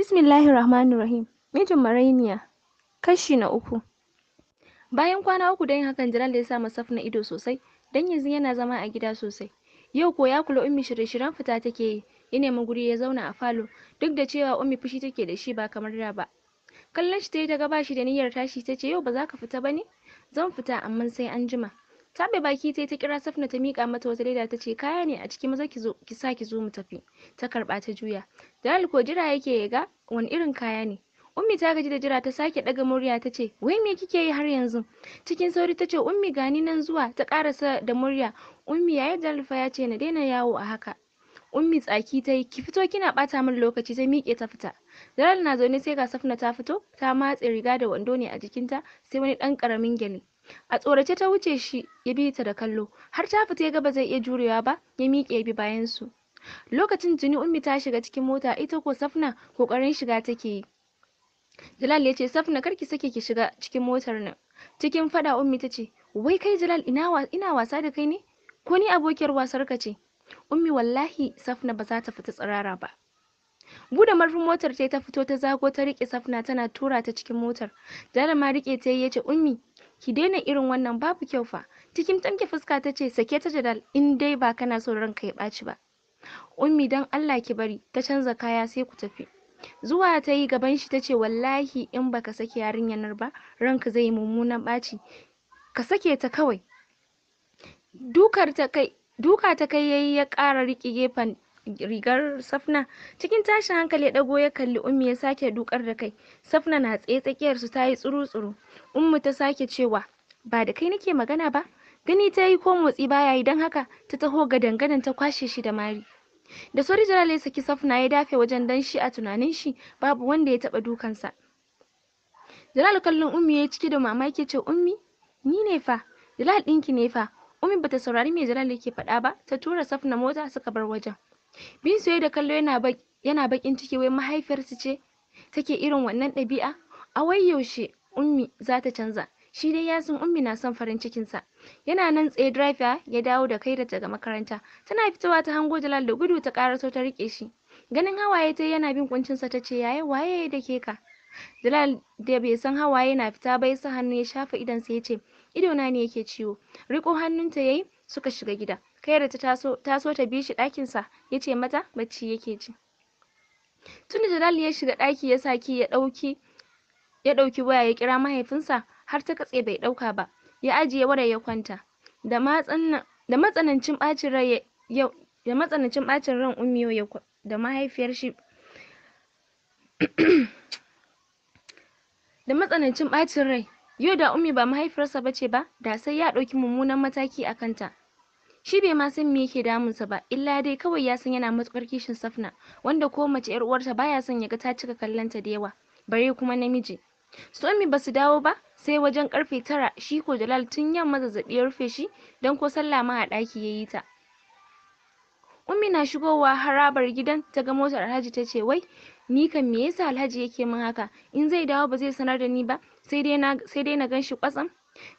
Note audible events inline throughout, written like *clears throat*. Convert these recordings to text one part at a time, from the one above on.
Bismillahir Rahmanir Rahim. Mijin Marainiya. Kashi na uku. Bayan kwana uku da yin hakan Jalal ya sa masaf na ido sosai, dan yanzu yana zama a gida sosai. Yau ko ya kula ummi shirye-shiryen fita take yi, ya nemi guri ya zauna a falo, duk da cewa ummi fushi take da shi ba kamar da ba. Kallon shi ta yi ta ga ba da niyyar tashi ta ce yau ba za ka fita ba ne? Zan fita amma sai an jima. bai baki ta ta kira safna ta mika mata wata leda ta ce kaya ne a ciki maza ki zo ki sa zo mu tafi ta karba ta juya "Dalil ko jira yake ya ga wani irin kaya ne ummi ta gaji da jira ta sake daga murya ta ce wai me kike yi har yanzu cikin sauri ta ce ummi gani nan zuwa ta karasa da murya ummi yayi dalfa ya ce na daina yawo a haka ummi tsaki ta yi ki fito kina bata min lokaci ta miƙe ta fita dalal na zaune sai ga safna ta fito ta matse riga da wando ne a jikinta sai wani dan karamin gyale a tsorace ta wuce shi ya bi ta da kallo har ta fita ya ga ba zai iya jurewa ba ya miƙe ya bi bayan su lokacin jini ummi ta shiga cikin mota ita ko safna kokarin shiga take yi jalal ya ce safna ki sake ki shiga cikin motar nan cikin fada ummi ta ce wai kai jalal ina ina wasa da kai ne ko ni abokiyar wasar ka ce ummi wallahi safna ba za ta fita tsirara ba buda marfin motar ta ta fito ta zago ta rike safna tana tura ta cikin motar jalal ma rike ta yace ummi ki daina irin wannan babu kyau fa cikin tamke fuska ta ce sake ta jadal in dai ba kana son ranka ya ɓaci ba ummi dan allah ki bari ta canza kaya sai ku tafi zuwa ta yi gaban shi ta ce wallahi in baka sake yarinyar ba ranka zai yi mummunan ɓaci ka sake ta kawai dukar ta kai duka ta kai yayi ya ƙara riƙe gefen rigar safna cikin tashin hankali ya dago ya kalli ummi ya sake dukar da kai safna na tsaye tsakiyar su ta yi tsuru tsuru ummu ta sake cewa ba da kai nake magana ba gani ta yi ko motsi baya idan haka ta taho ga dangadan ta kwashe shi da mari da sauri jalal ya saki safna ya dafe wajen dan shi a tunanin shi babu wanda ya taba dukansa jalal kallon ummi ya ciki da mamaki ce ummi ni ne fa jalal ɗinki ne fa ummi bata saurari me jalal yake faɗa ba ta tura safna mota suka bar wajen bin soye da kallo yana yana bakin ciki wai mahaifiyarsa ce take irin wannan ɗabi'a a wai yaushe ummi ta canza shi dai ya san ummi na son farin cikin sa yana nan tsaye driver ya dawo da kai daga makaranta tana fitowa ta hango Jalal da gudu ta ƙaraso ta rike shi ganin hawaye ta yana bin kuncin sa tace yaye waye da ke ka Jalal da bai san hawaye na fita bai sa hannu ya shafa idan sa yace ido na ne yake ciwo riko hannunta yayi suka shiga gida da ta so ta bi shi ɗakinsa, yace mata bacci yake ji. Tunda Jalal ya shiga ɗaki ya saki ya ɗauki ya ɗauki waya ya kira mahaifinsa har ta katse bai ɗauka ba, ya ajiye wayar ya kwanta. Da matsanancin ɓacin rai ya da matsanancin bacin ran Ummiyo ya da mahaifiyar shi da matsanancin ɓacin rai yau da Ummi ba mahaifiyarsa bace ba da sai ya ɗauki mummunan mataki a kanta. shi bai ma san me yake damunsa ba illa dai kawai ya san yana matukar kishin safna wanda ko mace yar uwarta baya son ya ga ta cika kallonta da yawa bare kuma namiji Somi ba su dawo ba sai wajen karfe tara shi ko Jalal tun yamma zazzabi ya rufe shi don ko sallah ma a ɗaki ya yi ta. Ummi na shigowa harabar gidan ta ga motar Alhaji ta ce wai ni kan me yasa Alhaji yake min haka in zai dawo ba zai sanar da ni ba sai dai na sai dai na gan shi kwatsam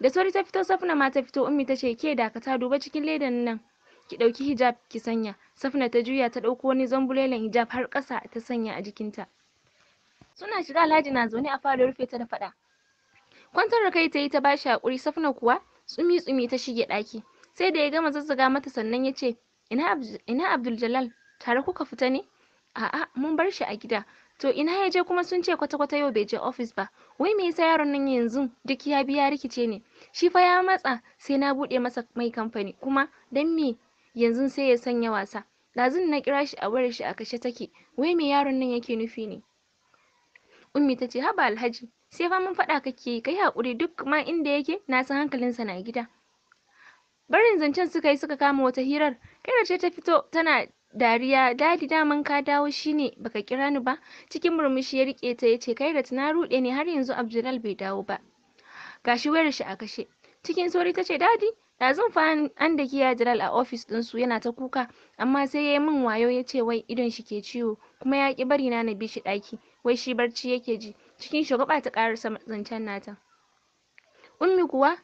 da sauri ta fito safna ma ta fito ummi ta ce ke dakata duba cikin ledan nan ki ɗauki hijab ki sanya safna ta juya ta ɗauko wani zambulelen hijab har ƙasa ta sanya a jikinta suna shiga alhaji na zaune a falo rufe ta da faɗa kwantar da kai ta yi ta bashi hakuri safna kuwa tsumi tsumi ta shige ɗaki sai da ya gama zazzaga mata sannan ya ce ina abdul jalal tare kuka fita ne a'a mun bar shi a gida to ina ya je kuma sun ce kwata-kwata yau bai je ofis ba wai me yasa yaron nan yanzu duk ya biya rikice ne shi fa ya matsa sai na bude masa mai kamfani kuma dan me yanzu sai ya sanya wasa ɗazun na kira shi a wayar shi a kashe take wai me yaron nan yake nufi ne ummi ta ce haba alhaji sai fa mun faɗa kake kai haƙuri duk ma inda yake na san hankalinsa na gida barin zancen suka yi suka kama wata hirar kairar ce ta fito tana dariya dadi daman ka dawo shine baka kira ni ba cikin murmushi ya rike ta yace kai da tana rude ne har yanzu abdulal bai dawo ba gashi wayar shi a kashe cikin sauri tace dadi yanzu fa an da kiya jalal a ofis din su yana ta kuka amma sai yayi min wayo yace wai idon shi ke ciwo kuma ya ki bari na na bi shi daki wai shi barci yake ji cikin shugaba ta karasa zancen nata ummi kuwa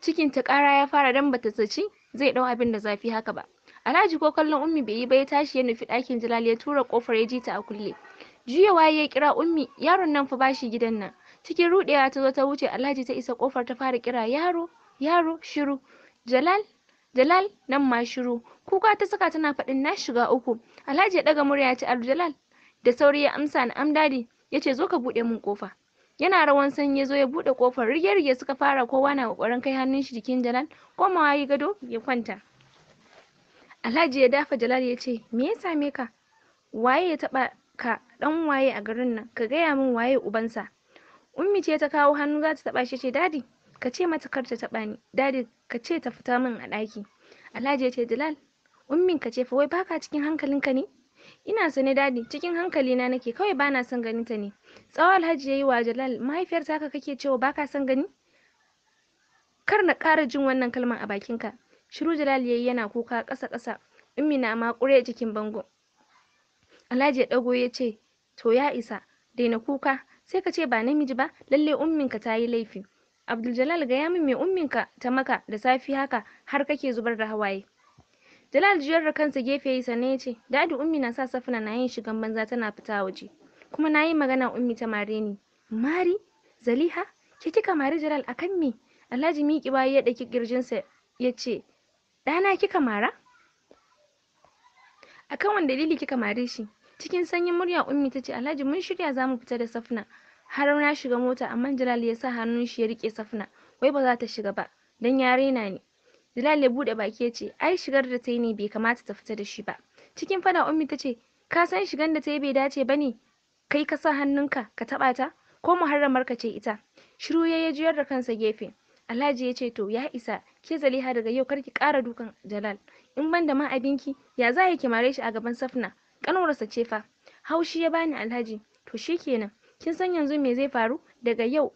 cikin ta kara ya fara dan bata zaci zai dau abin da zafi haka ba Alhaji ko kallon Ummi bai yi ba ya tashi ya nufi ɗakin Jalal ya tura kofar ya ji ta a kulle. Juyawa ya kira Ummi, yaron nan fa bashi gidan nan. Cikin ruɗewa ta zo ta wuce Alhaji ta isa kofar ta fara kira yaro, yaro, shiru. Jalal, Jalal nan ma shiru. Kuka ta saka tana faɗin na shiga uku. Alhaji ya ɗaga murya ya ce Jalal. Da sauri ya amsa na amdadi ya ce zo ka buɗe mun kofa yana rawan sanyi ya zo ya buɗe kofar rige-rige suka fara kowa na ƙoƙarin kai hannun shi jikin jalal komawa yi gado ya kwanta Alhaji ya dafa Jalal ya ce, "Me ya same ka? Waye ya taɓa ka ɗan waye a garin nan? Ka gaya min waye ubansa." Ummi ce ta kawo hannu za ta taɓa shi ce, "Dadi, ka ce mata kar ta taɓa ni. Dadi, ka ce ta fita min a ɗaki." Alhaji ya ce, "Jalal, ummin ka ce fa wai baka cikin hankalinka ne?" Ina sane dadi, cikin hankalina nake kawai bana son ganin ta ne. tsawon Alhaji ya yi wa Jalal, "Mahaifiyar taka kake cewa baka son gani?" Kar na ƙara jin wannan kalman a bakinka. shiru jalal yayi yana kuka ƙasa ƙasa ummi na ƙure jikin bango alhaji ya ɗago ya ce to ya isa daina kuka sai ka ce ba namiji ba lalle umminka ta yi laifi abdul gaya min me umminka ta maka da safi haka har kake zubar da hawaye jalal jiyar da kansa gefe yi sannan ya ce dadi ummi na sa safina na yin shigan banza tana fita waje kuma na yi magana ummi ta mare ni mari zaliha ke kika mari jalal akan me alhaji miƙi ya ɗaki ƙirjinsa ya ce ɗana kika mara akan wani dalili kika mare shi cikin sanyin murya ummi ta ce alhaji mun shirya za mu fita da safna har na shiga mota amma jalal ya sa hannun shi ya rike safna wai ba za ta shiga ba dan ya na ni jalal ya bude baki ya ce ai shigar da ta yi ne bai kamata ta fita da shi ba cikin fada ummi ta ce ka san shigan da ta yi bai dace ba ne kai ka sa hannunka ka taɓa ta ko muharramar ka ce ita shiru ya juyar da kansa gefe Alhaji ya ce to ya isa ke Zaliha daga yau kar ki ƙara dukan Jalal in ban da ma abinki ya za ki mare shi a gaban Safna kanwarsa ce fa haushi ya bani Alhaji to shi kenan kin san yanzu me zai faru daga yau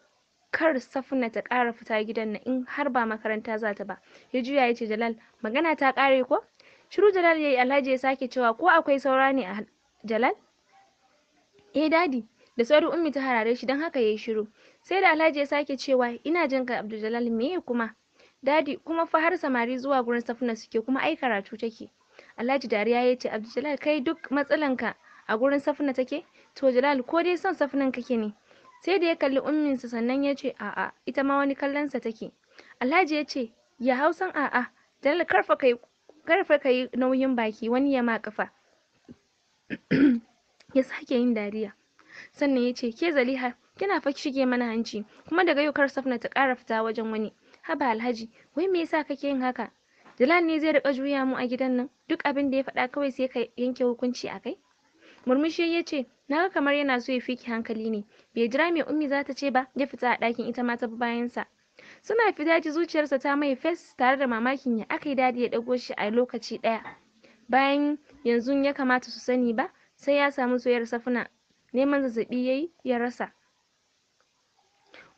kar Safna ta ƙara fita gidan na in har ba makaranta za ta ba ya juya ya ce Jalal magana ta ƙare ko shiru Jalal ya yi Alhaji ya sake cewa ko akwai saura ne a Jalal eh dadi da sauri ummi ta harare shi don haka ya yi shiru sai da alhaji ya sake cewa ina jin ka abdul meye kuma dadi kuma fa har samari zuwa gurin safina suke kuma ai karatu take alhaji dariya ya ce abdul kai duk matsalanka a gurin safina take to jalal ko dai son safinan kake ne sai da ya kalli umminsa sannan ya ce a'a ita ma wani sa take alhaji ya ce ya hausan a'a jalal karfa kai karfa kai nauyin baki wani ya ma kafa *clears throat* ya sake yin dariya sannan ya ce ke zaliha kina fa shige mana hanci kuma daga yau kar safna ta ƙara fita wajen wani haba alhaji wai me yasa kake yin haka jalal ne zai rika juya mu a gidan nan duk abin da ya faɗa kawai sai ka yanke hukunci a kai murmushi ya ce na ga kamar yana so ya fiki hankali ne bai jira me ummi za ta ce ba ya fita a ɗakin ita ma ta bi bayansa suna fita ji zuciyarsa ta mai fes tare da mamakin ya aka yi dadi ya ɗago shi a lokaci ɗaya bayan yanzu ya kamata su sani ba sai ya samu soyar safuna neman zazzaɓi ya yi ya rasa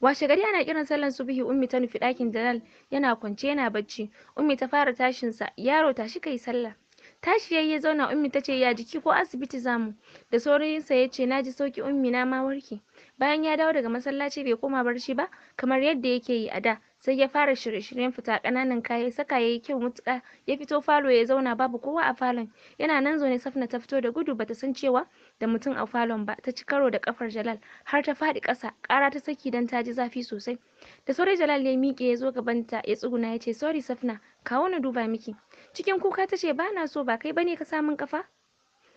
washe gari ana kiran sallan subihi ummi ta nufi ɗakin dalal yana kwance yana bacci ummi ta fara tashin sa yaro tashi kai sallah tashi yayi ya zauna ummi ta ce ya jiki ko asibiti zamu da saurin ya ce naji sauki ummi na ma warke bayan ya dawo daga masallaci bai koma barci ba kamar yadda yake yi a da sai ya fara shirye-shiryen fita ƙananan kaya saka yayi kyau mutuƙa ya fito falo ya zauna babu kowa a falon yana nan zaune safna ta fito da gudu bata san cewa da mutum a falon ba ta ci karo da kafar jalal har ta faɗi ƙasa ƙara ta saki dan ta ji zafi sosai da sauri jalal ya miƙe ya zo gabanta ya tsuguna ya ce sorry safna kawo na duba miki cikin kuka ta ce ba na so ba kai bane ka samun kafa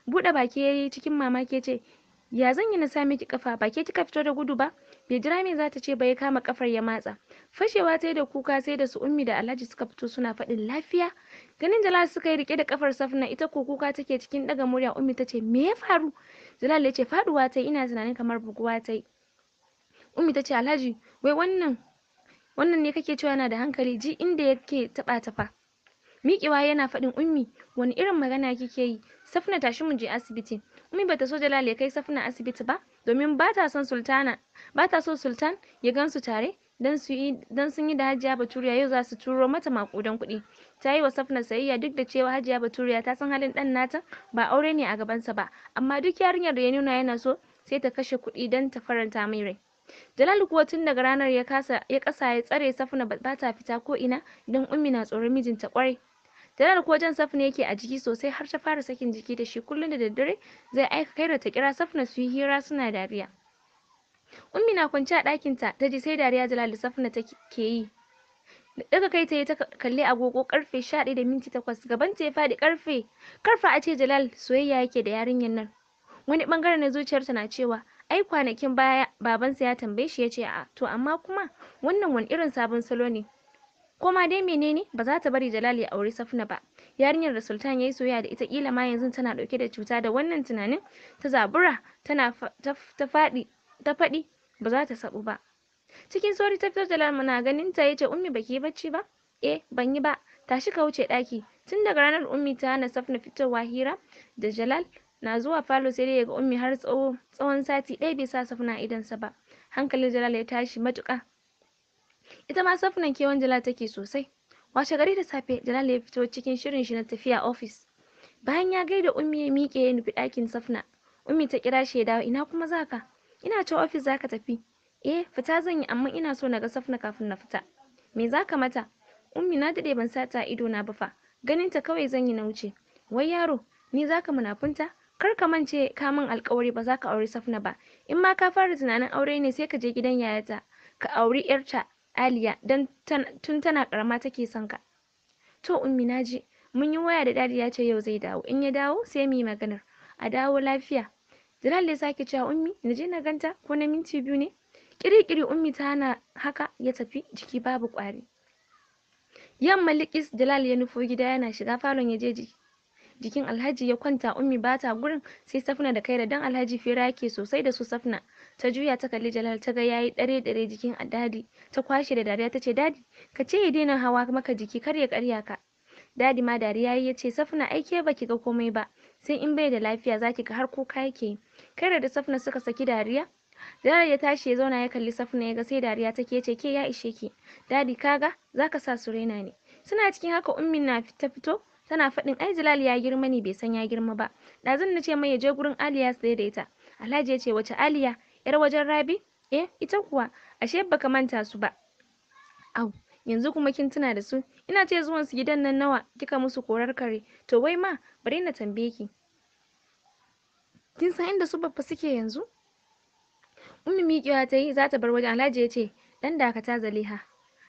buɗe baki yayi cikin mamaki ya ce ya zan yi na sa miki kafa ba ke kika fito da gudu ba bai jira me zata ce ba ya kama kafar ya matsa fashewa ta da kuka sai da su ummi da alhaji suka fito suna faɗin lafiya ganin jalal suka yi rike da kafar safna ita ko kuka take cikin daga murya ummi ta ce me ya faru jalal ya ce faduwa ta ina tunanin kamar buguwa ta ummi ta ce alhaji wai wannan wannan ne kake cewa yana da hankali ji inda yake taba tafa miƙewa yana faɗin ummi wani irin magana kike yi safna tashi mu je asibiti ummi bata so jalal ya kai safna asibiti ba domin ba ta son sultana ba ta so sultan ya gansu tare dan su yi dan sun yi da hajiya baturiya yau za su turo mata makudan kuɗi ta yi wa safna sayayya duk da cewa hajiya baturiya ta san halin dan nata ba aure ne a gabansa ba amma duk yarinyar da ya nuna yana so sai ta kashe kuɗi dan ta faranta mai rai Jalal kuwa tun daga ranar ya kasa ya kasa ya tsare Safna ba ta fita ko ina dan Ummi na tsoron mijinta kwarai Jalal ko jan Safna yake a jiki sosai har ta fara sakin jiki da shi kullum da daddare zai aika Kaira ta kira Safna su yi hira suna dariya. Ummi na kwance a ɗakinta ta ji sai dariya Jalal da Safna take yi. daga kai ta yi ta kalli agogo karfe 11 da minti 8 gaban ta ya faɗi karfe karfa a ce Jalal soyayya yake da yarinyar nan wani bangare na zuciyarta na cewa ai kwanakin baya babansa ya tambaye shi ya ce a to amma kuma wannan wani irin sabon salo ne Ko ma dai menene ba za ta bari jalal ya auri safna ba yarinyar da sultan ya yi soyayya da ita kila ma yanzu tana dauke da cuta da wannan tunanin ta zabura tana ta faɗi ta faɗi ba za ta sabu ba cikin sauri ta fitar jalal muna ganin ta yace ummi baki yi bacci ba eh ban yi ba tashi ka wuce ɗaki tun daga ranar ummi ta na safna fitowa hira da jalal na zuwa falo sai dai ga ummi har tsawon sati ɗaya bai sa safna a idonsa ba hankalin jalal ya tashi matuƙa ita ma safinan kewan jala take sosai washe gari da safe jalal ya fito cikin shirin shi na tafiya ofis bayan ya gaida ummi ya miƙe ya nufi ɗakin safna ummi ta kira shi ya dawo ina kuma zaka ina ce ofis zaka tafi eh fita zan yi amma ina so na ga safna kafin na fita me zaka mata ummi na daɗe ban sata ido na ba fa ganin ta kawai zan yi na wuce wai yaro ni zaka munafunta kar ka mance ka min alkawari ba za ka auri safna ba in ma ka fara tunanin aure ne sai ka je gidan yayata ka auri yarta Aliya don tun tana ƙarama take son ka. To ummi naji ji, mun yi waya da dadi ya ce yau zai dawo, in ya dawo sai mu yi maganar. A dawo lafiya. Jalal ya sake cewa ummi na je na ganta ko na minti biyu ne. Kirikiri ummi ta hana haka ya tafi jiki babu ƙwari. Yamma likis Jalal ya nufo gida yana shiga falon ya je jikin Alhaji ya kwanta ummi bata gurin sai Safna da Kaira dan Alhaji fira yake sosai da su Safna. ta juya ta kalli jalal ta ga yayi dare dare jikin dadi ta kwashe da dariya ta ce dadi ka ce ya daina hawa maka jiki kar ya karya ka dadi ma dariya ya ce safna aike baki ga komai ba sai in bai da lafiya zaki ga har kuka yake kai da safna suka saki dariya Jalal ya tashi ya zauna ya kalli safna ya ga sai dariya take ce ke ya ishe ki dadi kaga zaka sa su raina ne suna cikin haka ummin na ta fito tana faɗin ai Jalal ya girma ne bai san ya girma ba ɗazun na ce mai ya je gurin Aliya su daidaita Alhaji ya ce wace Aliya 'yar wajen rabi eh ita kuwa ashe baka manta su ba au yanzu kuma kin tuna da su ina ce zuwan su gidan nan nawa kika musu korar kare to wai ma bari na tambaye ki kin san inda su babba suke yanzu ummi miƙewa ta yi za ta bar wajen alhaji ya ce dan dakata zaliha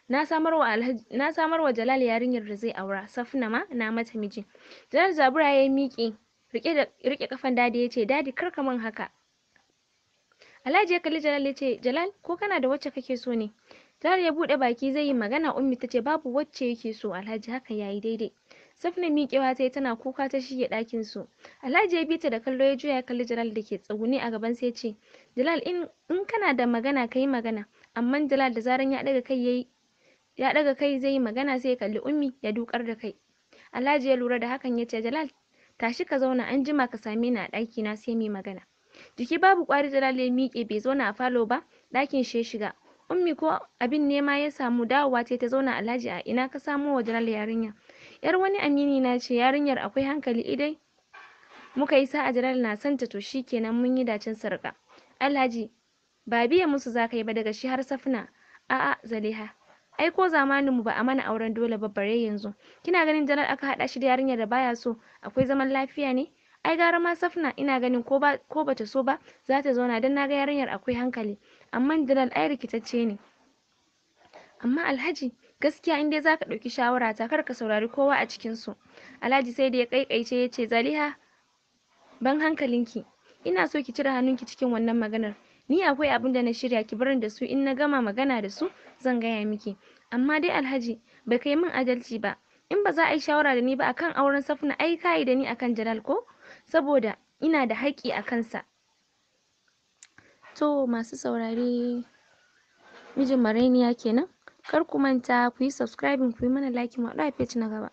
na samar wa alhaji na samar jalal yarinyar da zai aura safna ma na mata miji jalal zabura ya miƙi rike da rike kafan dadi ya ce dadi kar ka mun haka Alhaji ya kalli Jalal ya ce Jalal ko kana da wacce kake so ne Jalal ya buɗe baki zai yi magana Ummi ta ce babu wacce yake so Alhaji haka yayi daidai Safna miƙewa ta yi tana kuka ta shige ɗakin su Alhaji ya bi ta da kallo ya juya ya kalli Jalal da ke tsugune a gaban sai ya ce Jalal in kana da magana ka yi magana amma Jalal da zaran ya ɗaga kai yayi ya ɗaga kai zai yi magana sai ya kalli Ummi ya dukar da kai Alhaji ya lura da hakan ya ce Jalal tashi ka zauna an jima ka same ni a ɗakina sai mu yi magana jiki babu ƙwari da ya miƙe bai zauna a falo ba ɗakin shi ya shiga ummi ko abin nema ya samu dawowa ce ta zauna alhaji a ina ka samo wa jalal yarinya yar wani amini na ce yarinyar akwai hankali idai muka yi sa'a jalal na santa to shikenan mun yi dacin sarka alhaji ba biya musu za ka yi ba daga shi har safna a'a zaliha ai ko zamanin mu ba a mana auren dole ba bare yanzu kina ganin jalal aka haɗa shi da yarinyar da baya so akwai zaman lafiya ne ai gara ma safna ina ganin ko ba ko bata so ba za ta zauna don ga yarinyar akwai hankali amma dalal ai rikitacce ne amma alhaji gaskiya in dai zaka ɗauki shawara ta kar ka saurari kowa a cikin su alhaji sai da ya kaikaice ya ce zaliha ban hankalinki ina so ki cire hannunki cikin wannan maganar ni akwai abin da na shirya ki barin da su in na gama magana da su zan gaya miki amma dai alhaji bai kai min adalci ba in ba za a yi shawara da ni ba akan auren safna ai kayi da ni akan jalal ko saboda ina da haƙƙi a kansa to masu saurare mijin marainiya kenan kar ku manta ku yi subscribing ku yi mana liking mu haɗu a page na gaba